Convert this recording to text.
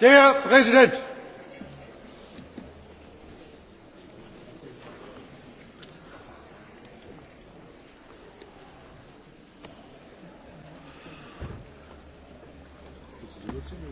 Der Präsident!